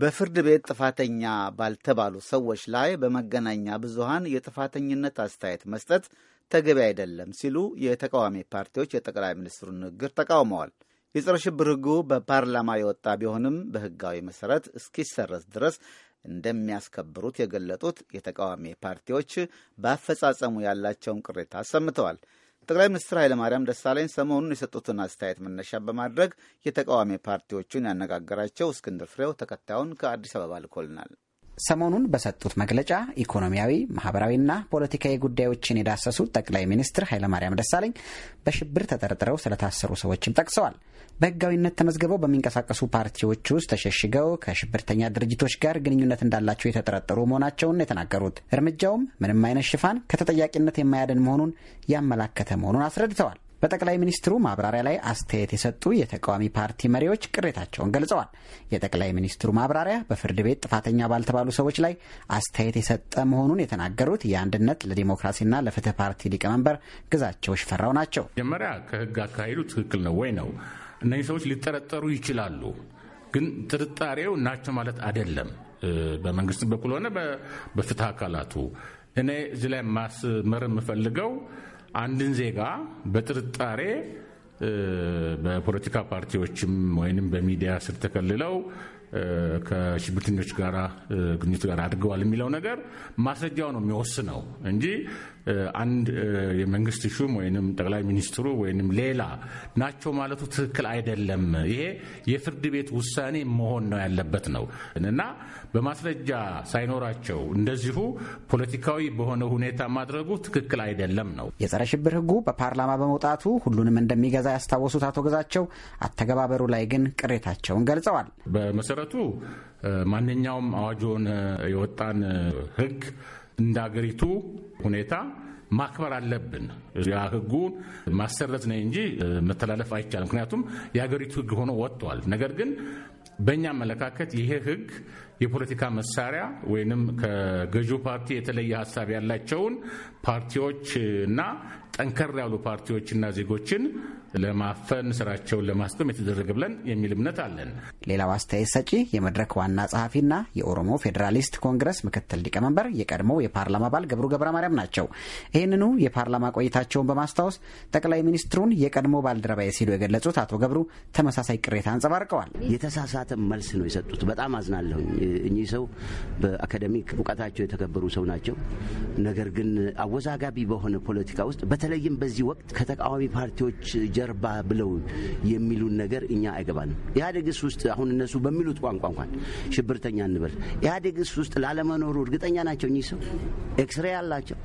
በፍርድ ቤት ጥፋተኛ ባልተባሉ ሰዎች ላይ በመገናኛ ብዙሃን የጥፋተኝነት አስተያየት መስጠት ተገቢ አይደለም ሲሉ የተቃዋሚ ፓርቲዎች የጠቅላይ ሚኒስትሩን ንግግር ተቃውመዋል። የጸረ ሽብር ሕጉ በፓርላማ የወጣ ቢሆንም በሕጋዊ መሠረት እስኪሰረዝ ድረስ እንደሚያስከብሩት የገለጡት የተቃዋሚ ፓርቲዎች በአፈጻጸሙ ያላቸውን ቅሬታ አሰምተዋል። ጠቅላይ ሚኒስትር ኃይለማርያም ደሳለኝ ሰሞኑን የሰጡትን አስተያየት መነሻ በማድረግ የተቃዋሚ ፓርቲዎቹን ያነጋገራቸው እስክንድር ፍሬው ተከታዩን ከአዲስ አበባ ልኮልናል። ሰሞኑን በሰጡት መግለጫ ኢኮኖሚያዊ፣ ማህበራዊና ፖለቲካዊ ጉዳዮችን የዳሰሱት ጠቅላይ ሚኒስትር ኃይለማርያም ደሳለኝ በሽብር ተጠርጥረው ስለታሰሩ ሰዎችም ጠቅሰዋል። በህጋዊነት ተመዝግበው በሚንቀሳቀሱ ፓርቲዎች ውስጥ ተሸሽገው ከሽብርተኛ ድርጅቶች ጋር ግንኙነት እንዳላቸው የተጠረጠሩ መሆናቸውን የተናገሩት እርምጃውም ምንም አይነት ሽፋን ከተጠያቂነት የማያድን መሆኑን ያመላከተ መሆኑን አስረድተዋል። በጠቅላይ ሚኒስትሩ ማብራሪያ ላይ አስተያየት የሰጡ የተቃዋሚ ፓርቲ መሪዎች ቅሬታቸውን ገልጸዋል። የጠቅላይ ሚኒስትሩ ማብራሪያ በፍርድ ቤት ጥፋተኛ ባልተባሉ ሰዎች ላይ አስተያየት የሰጠ መሆኑን የተናገሩት የአንድነት ለዲሞክራሲና ለፍትህ ፓርቲ ሊቀመንበር ግዛቸው ሽፈራው ናቸው። መጀመሪያ ከህግ አካሄዱ ትክክል ነው ወይ ነው። እነዚህ ሰዎች ሊጠረጠሩ ይችላሉ፣ ግን ጥርጣሬው ናቸው ማለት አይደለም። በመንግስት በኩል ሆነ በፍትህ አካላቱ እኔ እዚህ ላይ ማስመር የምፈልገው አንድን ዜጋ በጥርጣሬ በፖለቲካ ፓርቲዎችም ወይንም በሚዲያ ስር ተከልለው ከሽብርተኞች ጋር ግንኙነት ጋር አድርገዋል የሚለው ነገር ማስረጃው ነው የሚወስነው እንጂ አንድ የመንግስት ሹም ወይም ጠቅላይ ሚኒስትሩ ወይም ሌላ ናቸው ማለቱ ትክክል አይደለም። ይሄ የፍርድ ቤት ውሳኔ መሆን ነው ያለበት ነው እና በማስረጃ ሳይኖራቸው እንደዚሁ ፖለቲካዊ በሆነ ሁኔታ ማድረጉ ትክክል አይደለም ነው። የጸረ ሽብር ህጉ በፓርላማ በመውጣቱ ሁሉንም እንደሚገዛ ያስታወሱት አቶ ገዛቸው አተገባበሩ ላይ ግን ቅሬታቸውን ገልጸዋል። መሰረቱ ማንኛውም አዋጆን የወጣን ህግ እንደ አገሪቱ ሁኔታ ማክበር አለብን። ያ ህጉን ማሰረት ነው እንጂ መተላለፍ አይቻልም። ምክንያቱም የሀገሪቱ ህግ ሆኖ ወጥቷል። ነገር ግን በእኛ አመለካከት ይሄ ህግ የፖለቲካ መሳሪያ ወይንም ከገዢው ፓርቲ የተለየ ሀሳብ ያላቸውን ፓርቲዎች እና ጠንከር ያሉ ፓርቲዎችና ዜጎችን ለማፈን ስራቸውን ለማስቆም የተደረገ ብለን የሚል እምነት አለን። ሌላው አስተያየት ሰጪ የመድረክ ዋና ጸሐፊና የኦሮሞ ፌዴራሊስት ኮንግረስ ምክትል ሊቀመንበር የቀድሞ የፓርላማ አባል ገብሩ ገብረ ማርያም ናቸው። ይህንኑ የፓርላማ ቆይታቸውን በማስታወስ ጠቅላይ ሚኒስትሩን የቀድሞ ባልደረባዬ ሲሉ የገለጹት አቶ ገብሩ ተመሳሳይ ቅሬታ አንጸባርቀዋል። የተሳሳተ መልስ ነው የሰጡት። በጣም አዝናለሁኝ። እኚህ ሰው በአካደሚክ እውቀታቸው የተከበሩ ሰው ናቸው። ነገር ግን አወዛጋቢ በሆነ ፖለቲካ ውስጥ በተለይም በዚህ ወቅት ከተቃዋሚ ፓርቲዎች ጀርባ ብለው የሚሉን ነገር እኛ አይገባንም። ኢህአዴግስ ውስጥ አሁን እነሱ በሚሉት ቋንቋ እንኳን ሽብርተኛ እንበል ኢህአዴግስ ውስጥ ላለመኖሩ እርግጠኛ ናቸው። እኚህ ሰው ኤክስሬ አላቸው።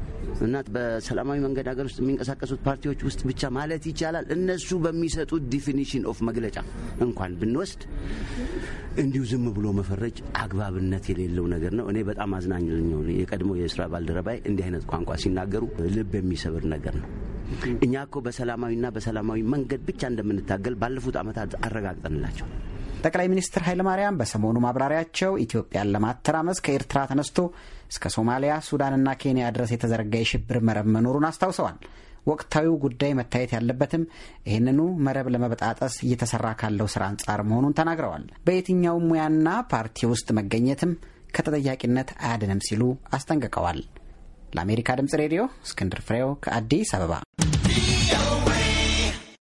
እና በሰላማዊ መንገድ ሀገር ውስጥ የሚንቀሳቀሱት ፓርቲዎች ውስጥ ብቻ ማለት ይቻላል እነሱ በሚሰጡት ዲፊኒሽን ኦፍ መግለጫ እንኳን ብንወስድ እንዲሁ ዝም ብሎ መፈረጅ አግባብነት የሌለው ነገር ነው። እኔ በጣም አዝናኝ የቀድሞ የስራ ባልደረባይ እንዲህ አይነት ቋንቋ ሲናገሩ ልብ የሚሰብር ነገር ነው። እኛ እኮ በሰላማዊና በሰላማዊ መንገድ ብቻ እንደምንታገል ባለፉት ዓመታት አረጋግጠንላቸው ጠቅላይ ሚኒስትር ኃይለማርያም በሰሞኑ ማብራሪያቸው ኢትዮጵያን ለማተራመስ ከኤርትራ ተነስቶ እስከ ሶማሊያ፣ ሱዳንና ኬንያ ድረስ የተዘረጋ የሽብር መረብ መኖሩን አስታውሰዋል። ወቅታዊው ጉዳይ መታየት ያለበትም ይህንኑ መረብ ለመበጣጠስ እየተሰራ ካለው ስራ አንጻር መሆኑን ተናግረዋል። በየትኛውም ሙያና ፓርቲ ውስጥ መገኘትም ከተጠያቂነት አያድንም ሲሉ አስጠንቅቀዋል። ለአሜሪካ ድምጽ ሬዲዮ እስክንድር ፍሬው ከአዲስ አበባ